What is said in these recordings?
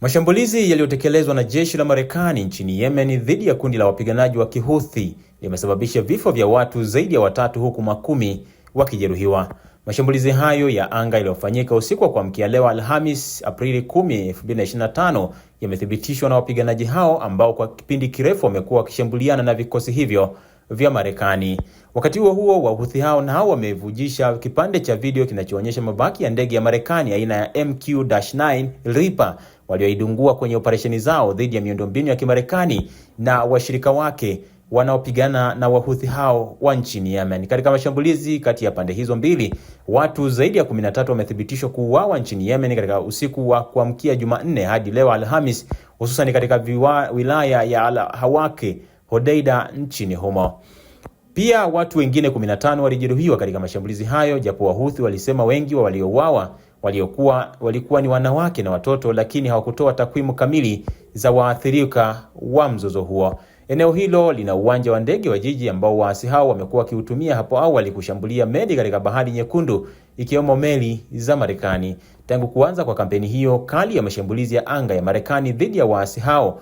Mashambulizi yaliyotekelezwa na jeshi la Marekani nchini Yemen dhidi ya kundi la wapiganaji wa Kihouthi yamesababisha vifo vya watu zaidi ya watatu huku makumi wakijeruhiwa. Mashambulizi hayo ya anga yaliyofanyika usiku wa kuamkia leo Alhamis, Aprili 10, 2025 yamethibitishwa na wapiganaji hao ambao kwa kipindi kirefu wamekuwa wakishambuliana na vikosi hivyo vya Marekani. Wakati huo huo, Wahouthi hao nao wamevujisha kipande cha video kinachoonyesha mabaki ya ndege ya Marekani aina ya MQ-9 Reaper walioidungua kwenye operesheni zao dhidi ya miundombinu ya Kimarekani na washirika wake wanaopigana na Wahuthi hao wa nchini Yemen. Katika mashambulizi kati ya pande hizo mbili, watu zaidi ya 13 wamethibitishwa kuuawa nchini Yemen katika usiku wa kuamkia Jumanne hadi leo Alhamis, hususan katika viwa, wilaya ya Al-Hawake, Hodeida nchini humo. Pia watu wengine 15 walijeruhiwa katika mashambulizi hayo, japo Wahuthi walisema wengi wa waliouawa waliokuwa walikuwa ni wanawake na watoto, lakini hawakutoa takwimu kamili za waathirika wa mzozo huo. Eneo hilo lina uwanja wa ndege wa jiji ambao waasi hao wamekuwa wakiutumia hapo awali kushambulia meli katika Bahari Nyekundu, ikiwemo meli za Marekani. Tangu kuanza kwa kampeni hiyo kali ya mashambulizi ya anga ya Marekani dhidi ya waasi hao,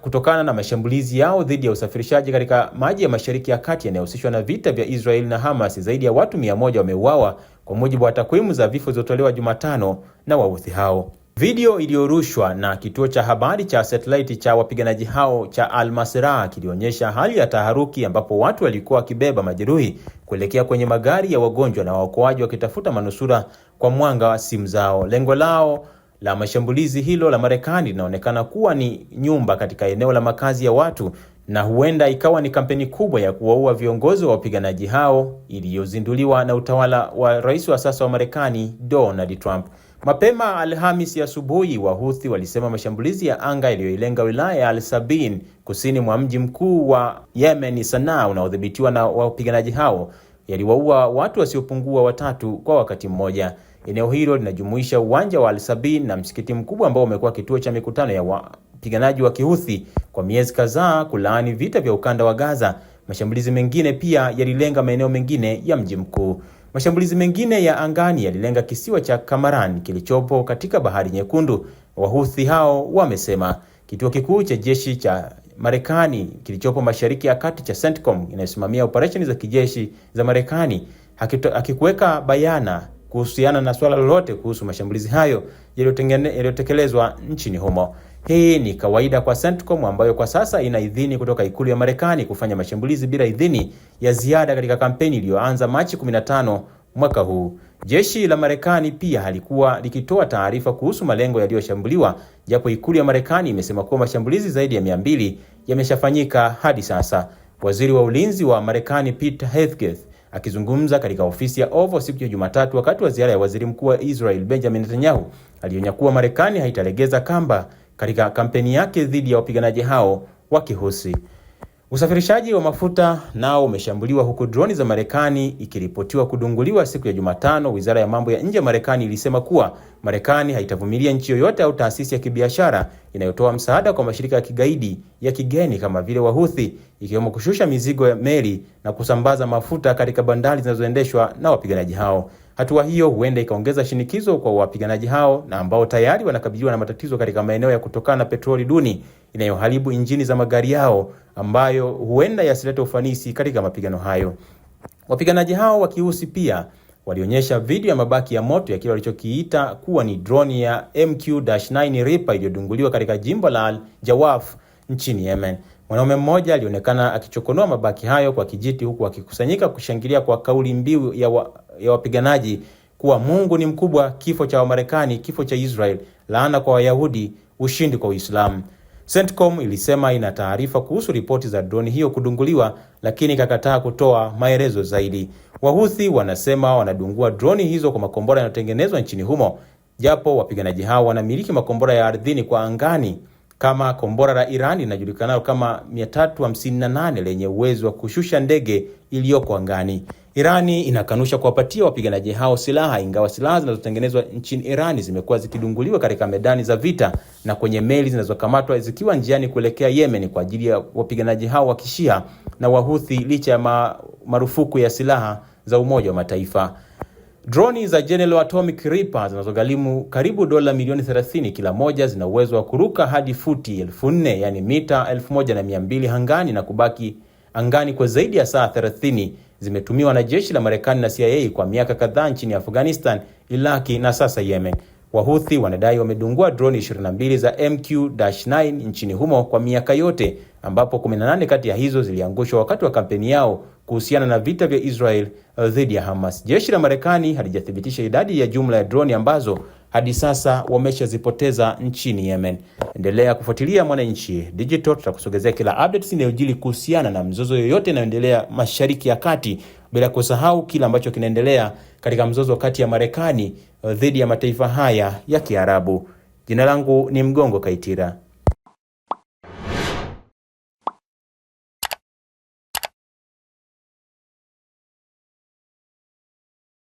kutokana na mashambulizi yao dhidi ya usafirishaji katika maji ya Mashariki ya Kati yanayohusishwa na vita vya Israel na Hamas, zaidi ya watu 1 wameuawa kwa mujibu wa takwimu za vifo zilizotolewa Jumatano na wauthi hao. Video iliyorushwa na kituo cha habari cha satellite cha wapiganaji hao cha Al masra kilionyesha hali ya taharuki ambapo watu walikuwa wakibeba majeruhi kuelekea kwenye magari ya wagonjwa na waokoaji wakitafuta manusura kwa mwanga wa simu zao. Lengo lao la mashambulizi hilo la Marekani linaonekana kuwa ni nyumba katika eneo la makazi ya watu na huenda ikawa ni kampeni kubwa ya kuwaua viongozi wa wapiganaji hao iliyozinduliwa na utawala wa rais wa sasa wa Marekani Donald Trump. Mapema Alhamisi asubuhi, Wahuthi walisema mashambulizi ya anga yaliyoilenga wilaya ya Al-Sabin kusini mwa mji mkuu wa Yemen Sanaa, unaodhibitiwa na wapiganaji hao, yaliwaua watu wasiopungua watatu kwa wakati mmoja. Eneo hilo linajumuisha uwanja wa Al-Sabil na msikiti mkubwa ambao umekuwa kituo cha mikutano ya wapiganaji wa Kihuthi kwa miezi kadhaa kulaani vita vya ukanda wa Gaza. Mashambulizi mengine pia yalilenga maeneo mengine ya mji mkuu. Mashambulizi mengine ya angani yalilenga kisiwa cha Kamaran kilichopo katika Bahari Nyekundu. Wahuthi hao wamesema kituo kikuu cha jeshi cha Marekani kilichopo Mashariki ya Kati cha CENTCOM inayosimamia operesheni za kijeshi za Marekani hakikuweka bayana kuhusiana na swala lolote kuhusu mashambulizi hayo yaliyotekelezwa nchini humo. Hii ni kawaida kwa CENTCOM ambayo kwa sasa ina idhini kutoka ikulu ya Marekani kufanya mashambulizi bila idhini ya ziada katika kampeni iliyoanza Machi 15 mwaka huu. Jeshi la Marekani pia halikuwa likitoa taarifa kuhusu malengo yaliyoshambuliwa, japo ikulu ya Marekani imesema kuwa mashambulizi zaidi ya 200 yameshafanyika hadi sasa. Waziri wa Ulinzi wa Marekani Pete Hegseth Akizungumza katika ofisi ya Oval siku ya Jumatatu wakati wa ziara ya waziri mkuu wa Israel Benjamin Netanyahu, alionya kuwa Marekani haitalegeza kamba katika kampeni yake dhidi ya wapiganaji hao wa Kihusi. Usafirishaji wa mafuta nao umeshambuliwa huku droni za Marekani ikiripotiwa kudunguliwa siku ya Jumatano. Wizara ya mambo ya nje ya Marekani ilisema kuwa Marekani haitavumilia nchi yoyote au taasisi ya kibiashara inayotoa msaada kwa mashirika ya kigaidi ya kigeni kama vile Wahuthi, ikiwemo kushusha mizigo ya meli na kusambaza mafuta katika bandari zinazoendeshwa na wapiganaji hao. Hatua hiyo huenda ikaongeza shinikizo kwa wapiganaji hao na ambao tayari wanakabiliwa na matatizo katika maeneo ya kutokana na petroli duni inayoharibu injini za magari yao ambayo huenda yasilete ufanisi katika mapigano hayo. Wapiganaji hao wa Kihusi pia walionyesha video ya mabaki ya moto ya kile walichokiita kuwa ni droni ya MQ-9 Reaper iliyodunguliwa katika jimbo la Al Jawaf nchini Yemen. Mwanaume mmoja alionekana akichokonoa mabaki hayo kwa kijiti huku akikusanyika kushangilia kwa kauli mbiu ya, wa, ya wapiganaji kuwa Mungu ni mkubwa, kifo cha Wamarekani, kifo cha Israel, laana kwa Wayahudi, ushindi kwa Uislamu. CENTCOM ilisema ina taarifa kuhusu ripoti za droni hiyo kudunguliwa, lakini ikakataa kutoa maelezo zaidi. Wahuthi wanasema wanadungua droni hizo kwa makombora yanayotengenezwa nchini humo, japo wapiganaji hao wanamiliki makombora ya ardhini kwa angani kama kombora la Iran linajulikanayo kama 358 lenye uwezo wa kushusha ndege iliyoko angani. Irani inakanusha kuwapatia wapiganaji hao silaha, ingawa silaha zinazotengenezwa nchini Irani zimekuwa zikidunguliwa katika medani za vita na kwenye meli zinazokamatwa zikiwa njiani kuelekea Yemen kwa ajili ya wapiganaji hao wa Kishia na Wahuthi licha ya ma marufuku ya silaha za Umoja wa Mataifa. Droni za General Atomic Reaper zinazogharimu karibu dola milioni 30 kila moja zina uwezo wa kuruka hadi futi 4000 yani mita 1200 angani na kubaki angani kwa zaidi ya saa 30. Zimetumiwa na jeshi la Marekani na CIA kwa miaka kadhaa nchini Afghanistan, Iraki na sasa Yemen. Wahuthi wanadai wamedungua droni 22 za MQ-9 nchini humo kwa miaka yote, ambapo 18 kati ya hizo ziliangushwa wakati wa kampeni yao kuhusiana na vita vya Israel uh, dhidi ya Hamas. Jeshi la Marekani halijathibitisha idadi ya jumla ya droni ambazo hadi sasa wameshazipoteza nchini Yemen. Endelea kufuatilia Mwananchi Digital, tutakusogezea kila updates inayojili kuhusiana na mzozo yoyote inayoendelea Mashariki ya Kati, bila kusahau kile ambacho kinaendelea katika mzozo kati ya Marekani eh, dhidi ya mataifa haya ya Kiarabu. Jina langu ni Mgongo Kaitira.